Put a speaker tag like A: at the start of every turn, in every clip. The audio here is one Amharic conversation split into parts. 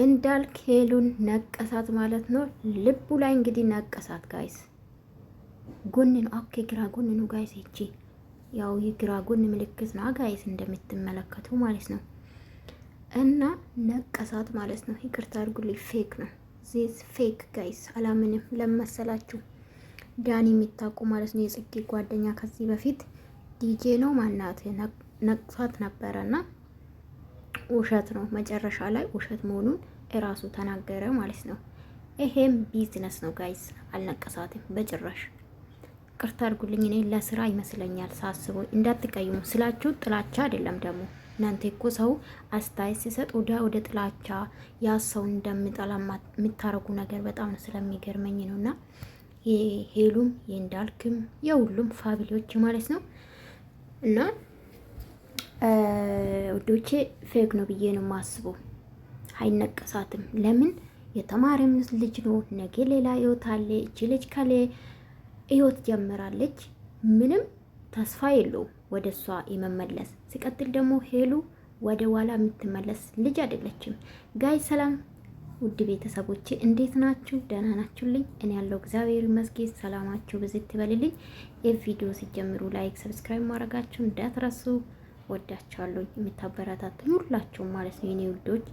A: እንዳልክ ሄሉን ነቀሳት ማለት ነው። ልቡ ላይ እንግዲህ ነቀሳት ጋይስ። ጎን ነው ኦኬ፣ ግራ ጎን ነው ጋይስ። እቺ ያው የግራ ጎን ምልክት ነው ጋይስ፣ እንደምትመለከቱ ማለት ነው። እና ነቀሳት ማለት ነው። ይቅርታ አድርጉልኝ፣ ፌክ ነው ዚስ ፌክ ጋይስ። አላምንም ለመሰላችሁ ዳኒ የሚታቁ ማለት ነው የጽጌ ጓደኛ ከዚህ በፊት ዲጄ ነው ማናት ነቅሷት ነበረና ውሸት ነው። መጨረሻ ላይ ውሸት መሆኑን እራሱ ተናገረ ማለት ነው። ይሄም ቢዝነስ ነው ጋይስ፣ አልነቀሳትም በጭራሽ። ቅርታ አድርጉልኝ፣ እኔ ለስራ ይመስለኛል ሳስቡ። እንዳትቀይሙ ስላችሁ ጥላቻ አይደለም ደግሞ እናንተ እኮ ሰው አስተያየት ሲሰጥ ወደ ወደ ጥላቻ ያ ሰው እንደምጠላ የምታረጉ ነገር በጣም ነው ስለሚገርመኝ ነው። እና የሄሉም የእንዳልክም የሁሉም ፋሚሊዎች ማለት ነው እና ውዶቼ ፌክ ነው ብዬ ነው የማስበው። አይነቀሳትም። ለምን የተማረም ልጅ ነው። ነገ ሌላ ህይወት አለ። እቺ ልጅ ከሌ ህይወት ጀምራለች። ምንም ተስፋ የለውም ወደ እሷ የመመለስ። ሲቀጥል ደግሞ ሄሉ ወደ ኋላ የምትመለስ ልጅ አይደለችም። ጋይ ሰላም ውድ ቤተሰቦቼ እንዴት ናችሁ? ደህና ናችሁልኝ? እኔ ያለው እግዚአብሔር ይመስገን። ሰላማችሁ ብዝት ይበልልኝ። ይህ ቪዲዮ ሲጀምሩ ላይክ፣ ሰብስክራይብ ማድረጋችሁ እንዳትረሱ። ወዳችኋለሁ የምታበረታቱኝ ሁላችሁም ማለት ነው የኔ ውዶች።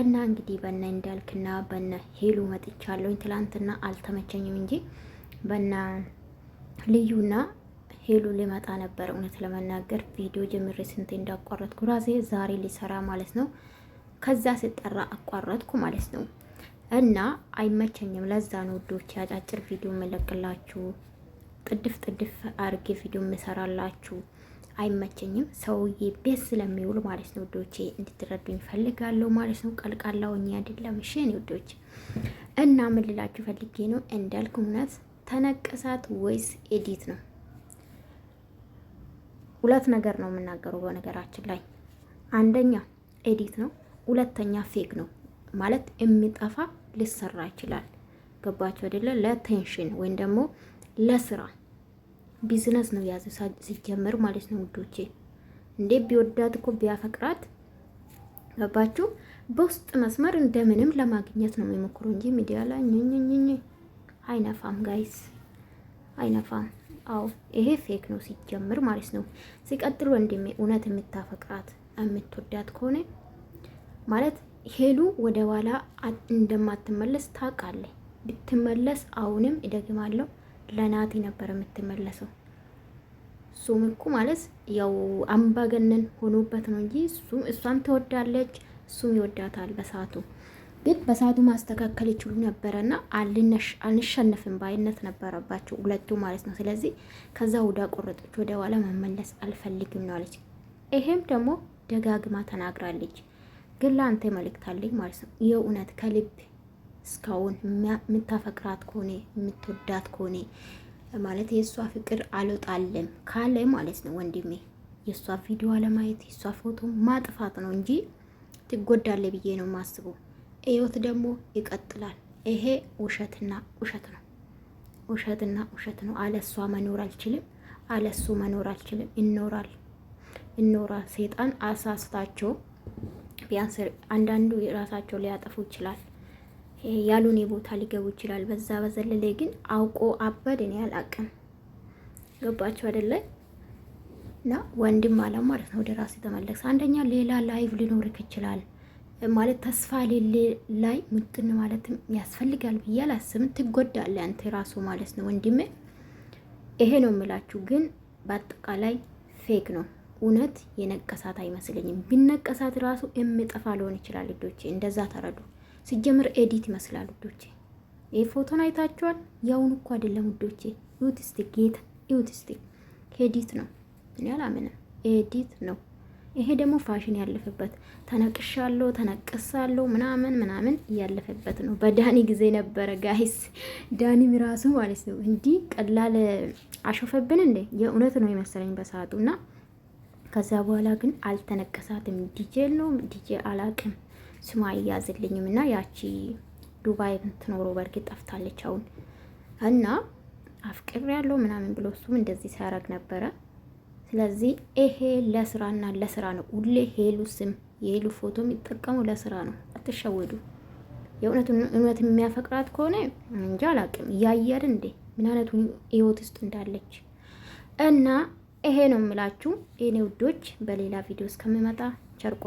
A: እና እንግዲህ በነ እንዳልክና በነ ሄሉ መጥቻለሁኝ። ትላንትና አልተመቸኝም እንጂ በነ ልዩና ሄሉ ሊመጣ ነበር። እውነት ለመናገር ቪዲዮ ጀምሬ ስንቴ እንዳቋረጥኩ ራሴ ዛሬ ሊሰራ ማለት ነው። ከዛ ስጠራ አቋረጥኩ ማለት ነው። እና አይመቸኝም። ለዛ ነው ውዶች ያጫጭር ቪዲዮ መለቅላችሁ ጥድፍ ጥድፍ አርጌ ቪዲዮ የምሰራላችሁ። አይመቸኝም። ሰውዬ ቤት ስለሚውል ማለት ነው ውዶቼ፣ እንድትረዱኝ ፈልጋለሁ ማለት ነው። ቀልቃላው እኛ አይደለም እሺ፣ እኔ እና ምን ልላችሁ ፈልጌ ነው እንዳልኩ እውነት ተነቀሳት ወይስ ኤዲት ነው? ሁለት ነገር ነው የምናገረው በነገራችን ላይ አንደኛ ኤዲት ነው፣ ሁለተኛ ፌክ ነው ማለት የሚጠፋ ሊሰራ ይችላል። ገባችሁ አይደለ? ለቴንሽን ወይም ደግሞ ለስራ ቢዝነስ ነው ያዘ ሲጀመር ማለት ነው ውዶቼ። እንዴ ቢወዳት እኮ ቢያፈቅራት ገባችሁ። በውስጥ መስመር እንደምንም ለማግኘት ነው የሚሞክሩ እንጂ ሚዲያ ላይ ኝኝኝኝ አይነፋም፣ ጋይስ አይነፋም። አዎ ይሄ ፌክ ነው ሲጀምር ማለት ነው። ሲቀጥል ወንድሜ እውነት የምታፈቅራት የምትወዳት ከሆነ ማለት ሄሉ ወደ ኋላ እንደማትመለስ ታውቃለህ። ብትመለስ አሁንም እደግማለሁ ለናቲ ነበር የምትመለሰው። እሱም እኮ ማለት ያው አምባገነን ሆኖበት ነው እንጂ እሷም ትወዳለች፣ እሱም ይወዳታል። በሰዓቱ ግን በሰዓቱ ማስተካከል ይችሉ ነበረና አልሸነፍም ባይነት ነበረባቸው ሁለቱ ማለት ነው። ስለዚህ ከዛ ውዳ ቆረጠች፣ ወደ ኋላ መመለስ አልፈልግም ነው አለች። ይሄም ደግሞ ደጋግማ ተናግራለች። ግን ለአንተ መልእክታለኝ ማለት ነው የእውነት ከልብ እስካሁን የምታፈቅራት ከሆነ የምትወዳት ከሆነ ማለት የእሷ ፍቅር አልወጣለም ካለ ማለት ነው ወንድሜ፣ የእሷ ቪዲዮ አለማየት የእሷ ፎቶ ማጥፋት ነው እንጂ ትጎዳለ ብዬ ነው ማስበው ህይወት ደግሞ ይቀጥላል። ይሄ ውሸትና ውሸት ነው፣ ውሸትና ውሸት ነው። አለሷ መኖር አልችልም፣ አለሱ መኖር አልችልም። ይኖራል ይኖራል። ሴጣን አሳስታቸው ቢያንስ አንዳንዱ የራሳቸው ሊያጠፉ ይችላል። ያሉን ቦታ ሊገቡ ይችላል። በዛ በዘለለ ግን አውቆ አበድ እኔ አላቅም። ገባችሁ አይደለ? እና ወንድም አለ ማለት ነው ወደ ራስ የተመለሰ አንደኛ ሌላ ላይቭ ሊኖርክ ይችላል ማለት ተስፋ ሌለ ላይ ምጥን ማለትም ያስፈልጋል ብዬ አላስብም። ትጎዳለ አንተ ራሱ ማለት ነው ወንድሜ። ይሄ ነው የምላችሁ። ግን በአጠቃላይ ፌክ ነው እውነት የነቀሳት አይመስለኝም። ቢነቀሳት ራሱ የምጠፋ ሊሆን ይችላል። ልጆቼ እንደዛ ተረዱ። ሲጀምር ኤዲት ይመስላል ውዶቼ። ይህ ፎቶን አይታችኋል? ያውን እኮ አይደለም ውዶቼ። ዩት ስቲ ጌታ ዩት ስቲ ኤዲት ነው። እኔ አላምንም፣ ኤዲት ነው። ይሄ ደግሞ ፋሽን ያለፈበት ተነቅሻለሁ፣ ተነቅሳለሁ ምናምን ምናምን እያለፈበት ነው። በዳኒ ጊዜ ነበረ ጋይስ። ዳኒም ራሱ ማለት ነው እንዲህ ቀላል አሾፈብን እንዴ! የእውነት ነው የመሰለኝ በሰዓቱ እና ከዛ በኋላ ግን አልተነቀሳትም። ዲጄ ነው ዲጄ አላቅም ስሟ አያዝልኝም እና ያቺ ዱባይ የምትኖረው በእርግጥ ጠፍታለች አሁን እና አፍቅር ያለው ምናምን ብሎ እሱም እንደዚህ ሲያደርግ ነበረ። ስለዚህ ይሄ ለስራና ለስራ ነው። ሁሌ ሄሉ ስም የሄሉ ፎቶ የሚጠቀሙ ለስራ ነው። አትሸወዱ። የእውነት እውነት የሚያፈቅራት ከሆነ እንጃ አላውቅም። እያየር እንዴ ምን አይነቱ ህይወት ውስጥ እንዳለች እና ይሄ ነው የምላችሁ። የኔ ውዶች በሌላ ቪዲዮ እስከምመጣ ቸርቆ